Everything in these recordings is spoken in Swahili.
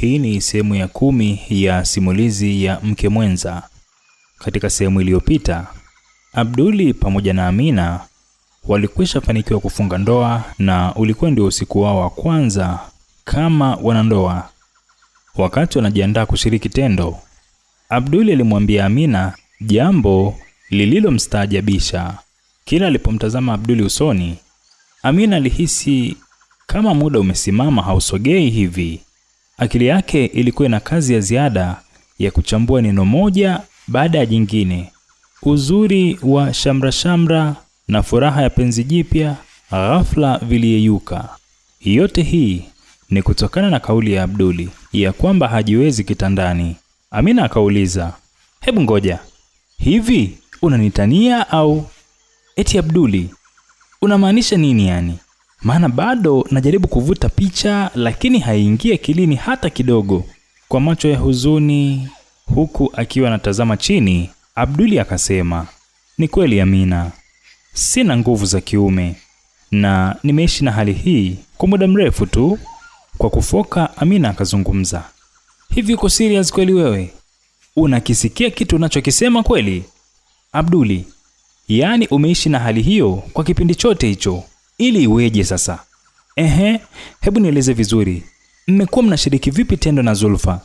Hii ni sehemu ya kumi ya simulizi ya Mke Mwenza. Katika sehemu iliyopita, Abduli pamoja na Amina walikwisha fanikiwa kufunga ndoa na ulikuwa ndio usiku wao wa kwanza kama wanandoa. Wakati wanajiandaa kushiriki tendo, Abduli alimwambia Amina jambo lililomstaajabisha. Kila alipomtazama Abduli usoni, Amina alihisi kama muda umesimama hausogei hivi. Akili yake ilikuwa ina kazi ya ziada ya kuchambua neno moja baada ya jingine: uzuri wa shamrashamra na furaha ya penzi jipya ghafla viliyeyuka. Yote hii ni kutokana na kauli ya Abduli ya kwamba hajiwezi kitandani. Amina akauliza, hebu ngoja, hivi unanitania au? Eti Abduli, unamaanisha nini yani? maana bado najaribu kuvuta picha, lakini haingie kilini hata kidogo. Kwa macho ya huzuni, huku akiwa anatazama chini, Abduli akasema, ni kweli Amina, sina nguvu za kiume na nimeishi na hali hii kwa muda mrefu tu. Kwa kufoka, Amina akazungumza, hivi uko serious kweli? Wewe unakisikia kitu unachokisema kweli Abduli? Yaani umeishi na hali hiyo kwa kipindi chote hicho? ili iweje sasa? Ehe, hebu nieleze vizuri, mmekuwa mnashiriki vipi tendo na Zulfa?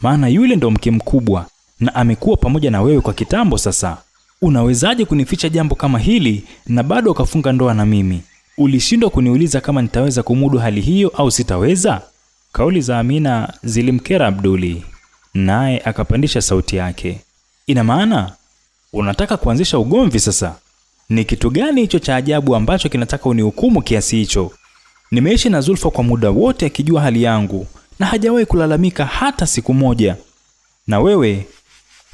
Maana yule ndo mke mkubwa na amekuwa pamoja na wewe kwa kitambo sasa. Unawezaje kunificha jambo kama hili na bado ukafunga ndoa na mimi? Ulishindwa kuniuliza kama nitaweza kumudu hali hiyo au sitaweza? Kauli za Amina zilimkera Abduli, naye akapandisha sauti yake. Ina maana unataka kuanzisha ugomvi sasa? Ni kitu gani hicho cha ajabu ambacho kinataka unihukumu kiasi hicho? Nimeishi na Zulfa kwa muda wote akijua hali yangu na hajawahi kulalamika hata siku moja, na wewe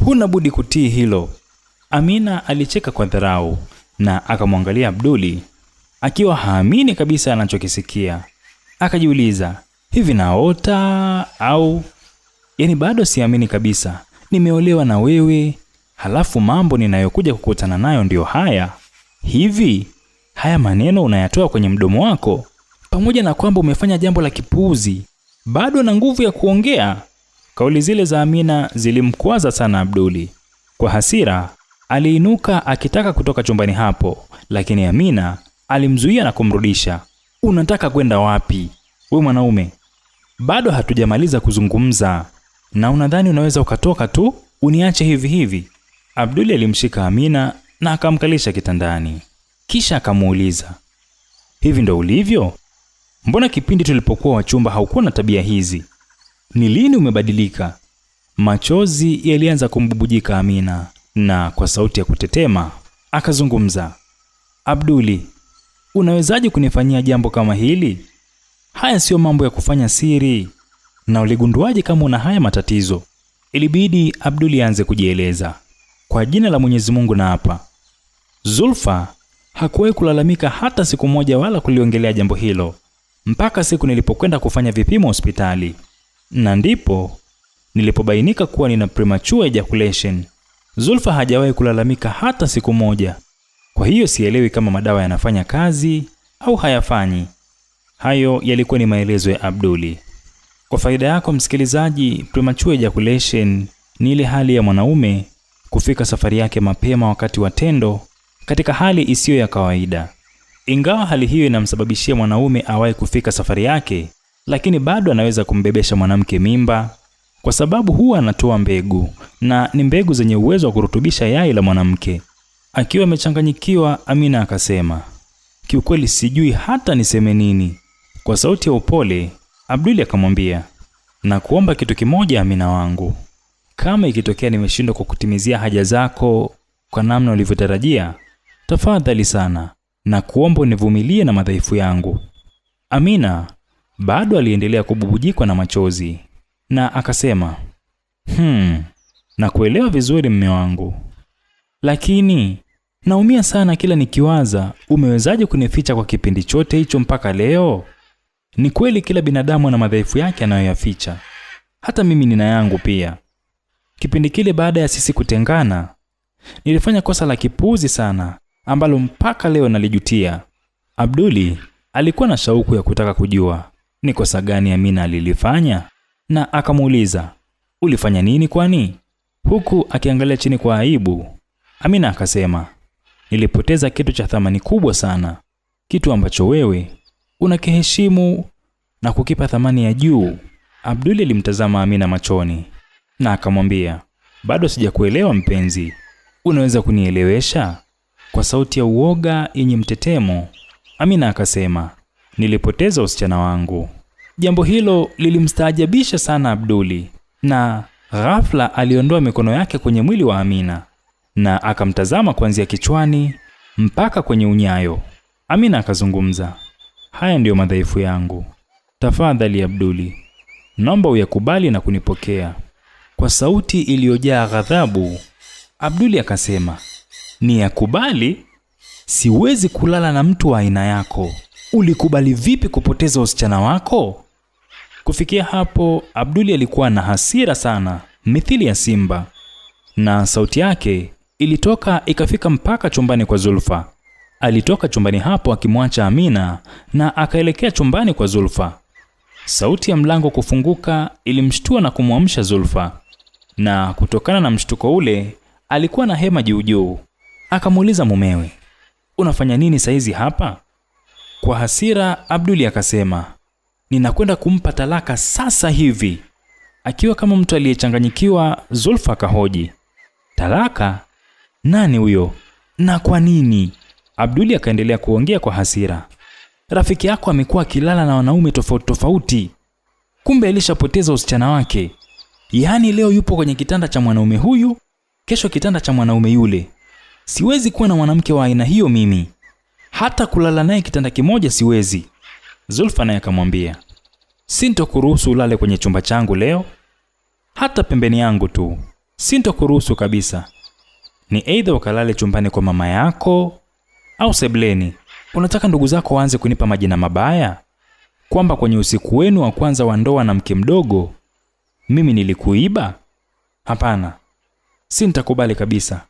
huna budi kutii hilo. Amina alicheka kwa dharau na akamwangalia Abduli akiwa haamini kabisa anachokisikia. Akajiuliza, hivi naota au? Yaani bado siamini kabisa, nimeolewa na wewe halafu mambo ninayokuja kukutana nayo ndiyo haya. Hivi haya maneno unayatoa kwenye mdomo wako? Pamoja na kwamba umefanya jambo la kipuuzi, bado na nguvu ya kuongea? Kauli zile za Amina zilimkwaza sana Abduli. Kwa hasira aliinuka akitaka kutoka chumbani hapo, lakini Amina alimzuia na kumrudisha. Unataka kwenda wapi we mwanaume? Bado hatujamaliza kuzungumza, na unadhani unaweza ukatoka tu uniache hivi hivi? Abduli alimshika Amina na akamkalisha kitandani, kisha akamuuliza, hivi ndo ulivyo? Mbona kipindi tulipokuwa wachumba haukuwa na tabia hizi? Ni lini umebadilika? Machozi yalianza kumbubujika Amina, na kwa sauti ya kutetema akazungumza, Abduli, unawezaje kunifanyia jambo kama hili? Haya siyo mambo ya kufanya siri. Na uligunduaje kama una haya matatizo? Ilibidi Abduli aanze kujieleza. Kwa jina la Mwenyezi Mungu, na hapa Zulfa hakuwahi kulalamika hata siku moja wala kuliongelea jambo hilo mpaka siku nilipokwenda kufanya vipimo hospitali, na ndipo nilipobainika kuwa nina premature ejaculation. Zulfa hajawahi kulalamika hata siku moja. Kwa hiyo sielewi kama madawa yanafanya kazi au hayafanyi. Hayo yalikuwa ni maelezo ya Abduli. Kwa faida yako msikilizaji, premature ejaculation ni ile hali ya mwanaume kufika safari yake mapema wakati wa tendo katika hali isiyo ya kawaida. Ingawa hali hiyo inamsababishia mwanaume awahi kufika safari yake, lakini bado anaweza kumbebesha mwanamke mimba, kwa sababu huwa anatoa mbegu na ni mbegu zenye uwezo wa kurutubisha yai la mwanamke. Akiwa amechanganyikiwa, Amina akasema, kiukweli sijui hata niseme nini. Kwa sauti ya upole, Abduli akamwambia, na kuomba kitu kimoja, Amina wangu, kama ikitokea nimeshindwa kukutimizia haja zako kwa namna ulivyotarajia tafadhali sana na kuomba univumilie na madhaifu yangu. Amina bado aliendelea kububujikwa na machozi na akasema, hmm, nakuelewa vizuri mme wangu, lakini naumia sana kila nikiwaza, umewezaje kunificha kwa kipindi chote hicho mpaka leo? Ni kweli kila binadamu ana madhaifu yake anayoyaficha, hata mimi nina yangu pia. Kipindi kile baada ya sisi kutengana, nilifanya kosa la kipuzi sana ambalo mpaka leo nalijutia. Abduli alikuwa na shauku ya kutaka kujua ni kosa gani Amina alilifanya, na akamuuliza ulifanya nini kwani, huku akiangalia chini kwa aibu. Amina akasema nilipoteza kitu cha thamani kubwa sana, kitu ambacho wewe unakiheshimu na kukipa thamani ya juu. Abduli alimtazama Amina machoni na akamwambia, bado sijakuelewa mpenzi, unaweza kunielewesha? Kwa sauti ya uoga yenye mtetemo, Amina akasema, nilipoteza usichana wangu. Jambo hilo lilimstaajabisha sana Abduli, na ghafla aliondoa mikono yake kwenye mwili wa Amina na akamtazama kuanzia kichwani mpaka kwenye unyayo. Amina akazungumza, haya ndiyo madhaifu yangu, tafadhali Abduli, naomba uyakubali na kunipokea. Kwa sauti iliyojaa ghadhabu, Abduli akasema ni yakubali. Siwezi kulala na mtu wa aina yako. Ulikubali vipi kupoteza usichana wako? Kufikia hapo, Abduli alikuwa na hasira sana, mithili ya simba, na sauti yake ilitoka ikafika mpaka chumbani kwa Zulfa. Alitoka chumbani hapo akimwacha Amina na akaelekea chumbani kwa Zulfa. Sauti ya mlango kufunguka ilimshtua na kumwamsha Zulfa, na kutokana na mshtuko ule alikuwa na hema juu juu, Akamuuliza mumewe, unafanya nini saizi hapa? Kwa hasira Abduli akasema, ninakwenda kumpa talaka sasa hivi. Akiwa kama mtu aliyechanganyikiwa, Zulfa akahoji, talaka? Nani huyo na kwa nini? Abduli akaendelea kuongea kwa hasira, rafiki yako amekuwa akilala na wanaume tofauti tofauti, kumbe alishapoteza usichana wake. Yaani leo yupo kwenye kitanda cha mwanaume huyu, kesho kitanda cha mwanaume yule, Siwezi kuwa na mwanamke wa aina hiyo mimi, hata kulala naye kitanda kimoja siwezi. Zulfa naye akamwambia, sintokuruhusu ulale kwenye chumba changu leo, hata pembeni yangu tu, sintokuruhusu kabisa. Ni aidha ukalale chumbani kwa mama yako au sebleni. Unataka ndugu zako waanze kunipa majina mabaya kwamba kwenye usiku wenu wa kwanza wa ndoa na mke mdogo mimi nilikuiba? Hapana, si nitakubali kabisa.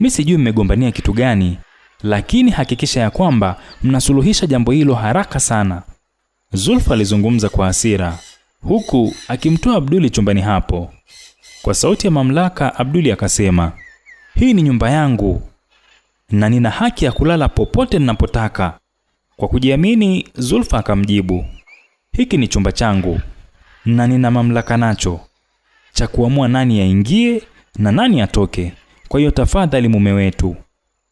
Mi sijui mmegombania kitu gani, lakini hakikisha ya kwamba mnasuluhisha jambo hilo haraka sana. Zulfa alizungumza kwa hasira huku akimtoa Abduli chumbani hapo. Kwa sauti ya mamlaka, Abduli akasema, hii ni nyumba yangu na nina haki ya kulala popote ninapotaka. Kwa kujiamini, Zulfa akamjibu, hiki ni chumba changu na nina mamlaka nacho cha kuamua nani yaingie na nani atoke. Kwa hiyo tafadhali, mume wetu,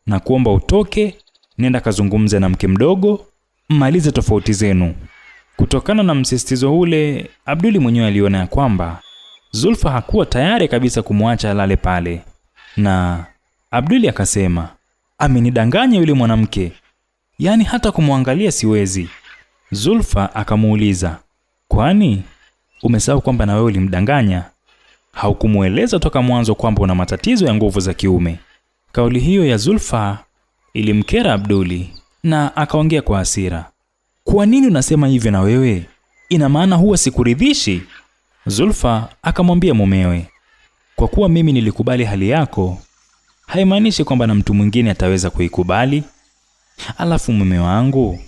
na kuomba utoke, nenda kazungumze na mke mdogo, mmalize tofauti zenu. Kutokana na msisitizo ule, Abduli mwenyewe aliona ya kwamba Zulfa hakuwa tayari kabisa kumwacha alale pale, na Abduli akasema, amenidanganya yule mwanamke, yaani hata kumwangalia siwezi. Zulfa akamuuliza, kwani umesahau kwamba na wewe ulimdanganya? Haukumweleza toka mwanzo kwamba una matatizo ya nguvu za kiume. Kauli hiyo ya Zulfa ilimkera Abduli na akaongea kwa hasira, kwa nini unasema hivyo? Na wewe ina maana huwa sikuridhishi? Zulfa akamwambia mumewe, kwa kuwa mimi nilikubali hali yako haimaanishi kwamba na mtu mwingine ataweza kuikubali. Alafu mume wangu,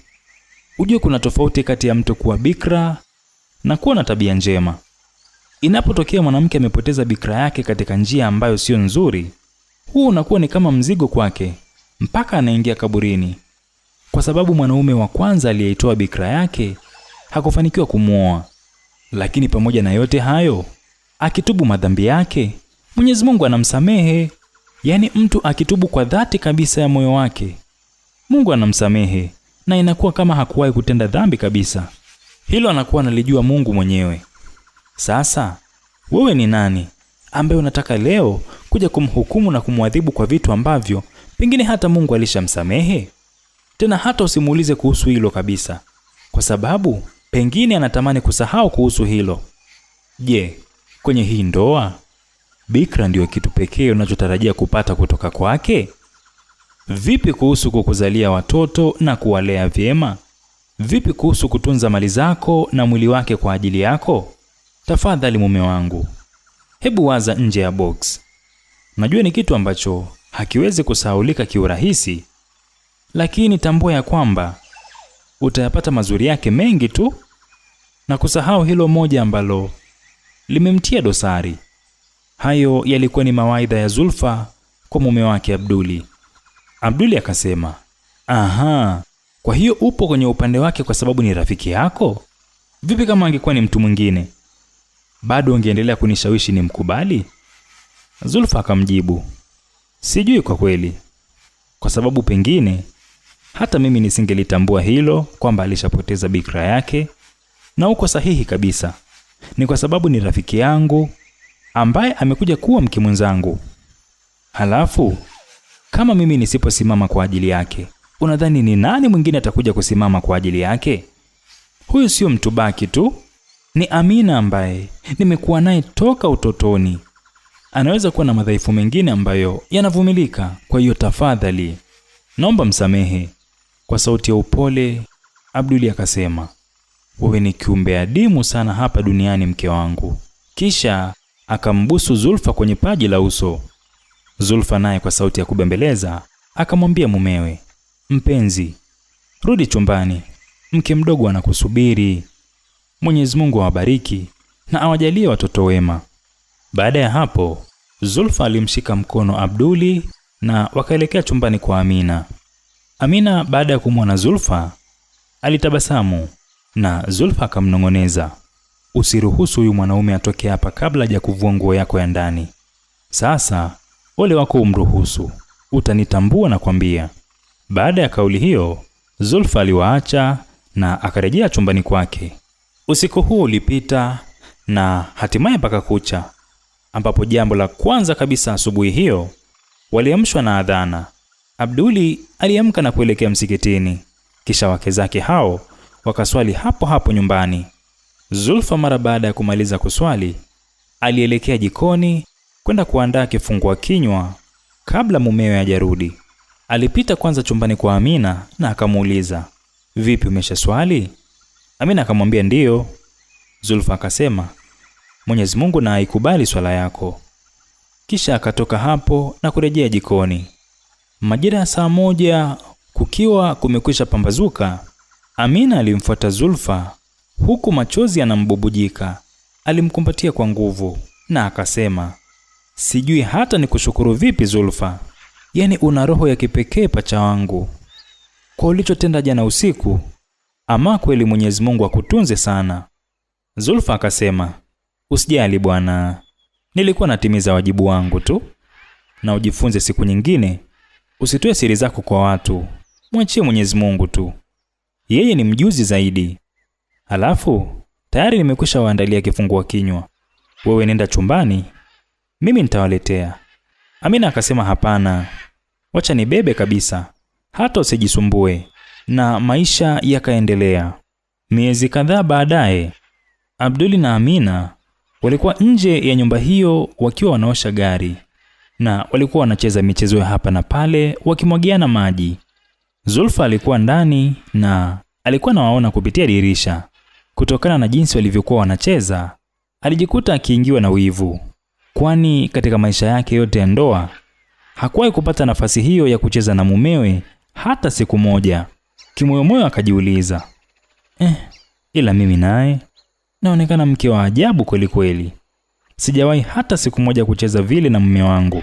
ujue kuna tofauti kati ya mtu kuwa bikra na kuwa na tabia njema. Inapotokea mwanamke amepoteza bikra yake katika njia ambayo siyo nzuri, huo unakuwa ni kama mzigo kwake mpaka anaingia kaburini, kwa sababu mwanaume wa kwanza aliyeitoa bikra yake hakufanikiwa kumwoa. Lakini pamoja na yote hayo, akitubu madhambi yake, Mwenyezi Mungu anamsamehe. Yaani, mtu akitubu kwa dhati kabisa ya moyo wake, Mungu anamsamehe na inakuwa kama hakuwahi kutenda dhambi kabisa. Hilo anakuwa analijua Mungu mwenyewe. Sasa wewe ni nani ambaye unataka leo kuja kumhukumu na kumwadhibu kwa vitu ambavyo pengine hata Mungu alishamsamehe? Tena hata usimuulize kuhusu hilo kabisa, kwa sababu pengine anatamani kusahau kuhusu hilo. Je, kwenye hii ndoa bikra ndiyo kitu pekee unachotarajia kupata kutoka kwake? Vipi kuhusu kukuzalia watoto na kuwalea vyema? Vipi kuhusu kutunza mali zako na mwili wake kwa ajili yako? tafadhali mume wangu, hebu waza nje ya box. Najua ni kitu ambacho hakiwezi kusahaulika kiurahisi, lakini tambua ya kwamba utayapata mazuri yake mengi tu na kusahau hilo moja ambalo limemtia dosari. Hayo yalikuwa ni mawaidha ya Zulfa kwa mume wake Abduli. Abduli akasema, aha, kwa hiyo upo kwenye upande wake kwa sababu ni rafiki yako? Vipi kama angekuwa ni mtu mwingine? bado ungeendelea kunishawishi ni mkubali? Zulfa akamjibu, sijui kwa kweli, kwa sababu pengine hata mimi nisingelitambua hilo kwamba alishapoteza bikra yake, na uko sahihi kabisa. Ni kwa sababu ni rafiki yangu ambaye amekuja kuwa mke mwenzangu. Halafu kama mimi nisiposimama kwa ajili yake, unadhani ni nani mwingine atakuja kusimama kwa ajili yake? Huyu sio mtu baki tu ni Amina ambaye nimekuwa naye toka utotoni. Anaweza kuwa na madhaifu mengine ambayo yanavumilika, kwa hiyo tafadhali naomba msamehe. Kwa sauti ya upole Abduli akasema, wewe ni kiumbe adimu sana hapa duniani, mke wangu. Kisha akambusu Zulfa kwenye paji la uso. Zulfa naye kwa sauti ya kubembeleza akamwambia mumewe, mpenzi, rudi chumbani, mke mdogo anakusubiri. Mwenyezi Mungu awabariki na awajalie watoto wema. Baada ya hapo, Zulfa alimshika mkono Abduli na wakaelekea chumbani kwa Amina. Amina baada ya kumwona Zulfa alitabasamu na Zulfa akamnong'oneza, usiruhusu huyu mwanaume atoke hapa kabla ya kuvua nguo yako ya ndani. Sasa ole wako umruhusu, utanitambua na kwambia. Baada ya kauli hiyo, Zulfa aliwaacha na akarejea chumbani kwake. Usiku huu ulipita na hatimaye mpaka kucha, ambapo jambo la kwanza kabisa asubuhi hiyo waliamshwa na adhana. Abduli aliamka na kuelekea msikitini, kisha wake zake hao wakaswali hapo hapo nyumbani. Zulfa mara baada ya kumaliza kuswali alielekea jikoni kwenda kuandaa kifungua kinywa kabla mumewe hajarudi. Alipita kwanza chumbani kwa Amina na akamuuliza, vipi, umesha swali? Amina akamwambia ndiyo. Zulfa akasema, Mwenyezi Mungu na aikubali swala yako. Kisha akatoka hapo na kurejea jikoni. Majira ya saa moja kukiwa kumekwisha pambazuka, Amina alimfuata Zulfa huku machozi anambubujika. Alimkumbatia kwa nguvu na akasema, sijui hata nikushukuru vipi Zulfa, yaani una roho ya kipekee pacha wangu kwa ulichotenda jana usiku ama kweli Mwenyezi Mungu akutunze sana. Zulfa akasema, usijali bwana, nilikuwa natimiza wajibu wangu tu, na ujifunze siku nyingine, usitoe siri zako kwa watu, mwachie Mwenyezi Mungu tu, yeye ni mjuzi zaidi. Halafu tayari nimekwisha waandalia kifungua kinywa, wewe nenda chumbani, mimi nitawaletea. Amina akasema, hapana, wacha nibebe kabisa, hata usijisumbue na maisha yakaendelea. Miezi kadhaa baadaye, Abduli na Amina walikuwa nje ya nyumba hiyo wakiwa wanaosha gari na walikuwa wanacheza michezo ya hapa na pale wakimwagiana maji. Zulfa alikuwa ndani na alikuwa anawaona kupitia dirisha. Kutokana na jinsi walivyokuwa wanacheza, alijikuta akiingiwa na wivu, kwani katika maisha yake yote ya ndoa hakuwahi kupata nafasi hiyo ya kucheza na mumewe hata siku moja. Kimoyomoyo akajiuliza eh, ila mimi naye naonekana mke wa ajabu kweli kweli. Sijawahi hata siku moja kucheza vile na mume wangu.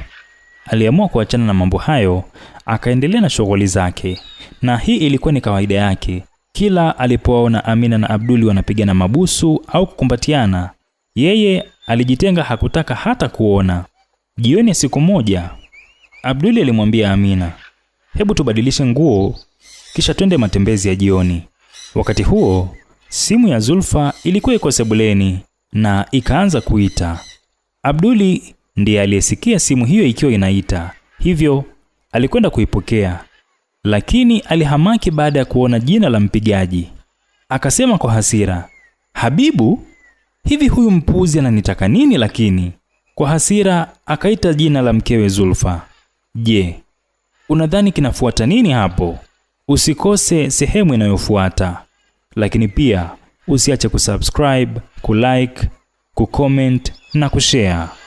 Aliamua kuachana na mambo hayo, akaendelea na shughuli zake, na hii ilikuwa ni kawaida yake. Kila alipoona Amina na Abduli wanapigana mabusu au kukumbatiana, yeye alijitenga, hakutaka hata kuona. Jioni ya siku moja, Abduli alimwambia Amina, hebu tubadilishe nguo kisha twende matembezi ya jioni. Wakati huo simu ya Zulfa ilikuwa iko sebuleni na ikaanza kuita. Abduli ndiye aliyesikia simu hiyo ikiwa inaita, hivyo alikwenda kuipokea, lakini alihamaki baada ya kuona jina la mpigaji. Akasema kwa hasira, Habibu, hivi huyu mpuzi ananitaka nini? Lakini kwa hasira akaita jina la mkewe Zulfa. Je, unadhani kinafuata nini hapo? Usikose sehemu inayofuata, lakini pia usiache kusubscribe, kulike, kucomment na kushare.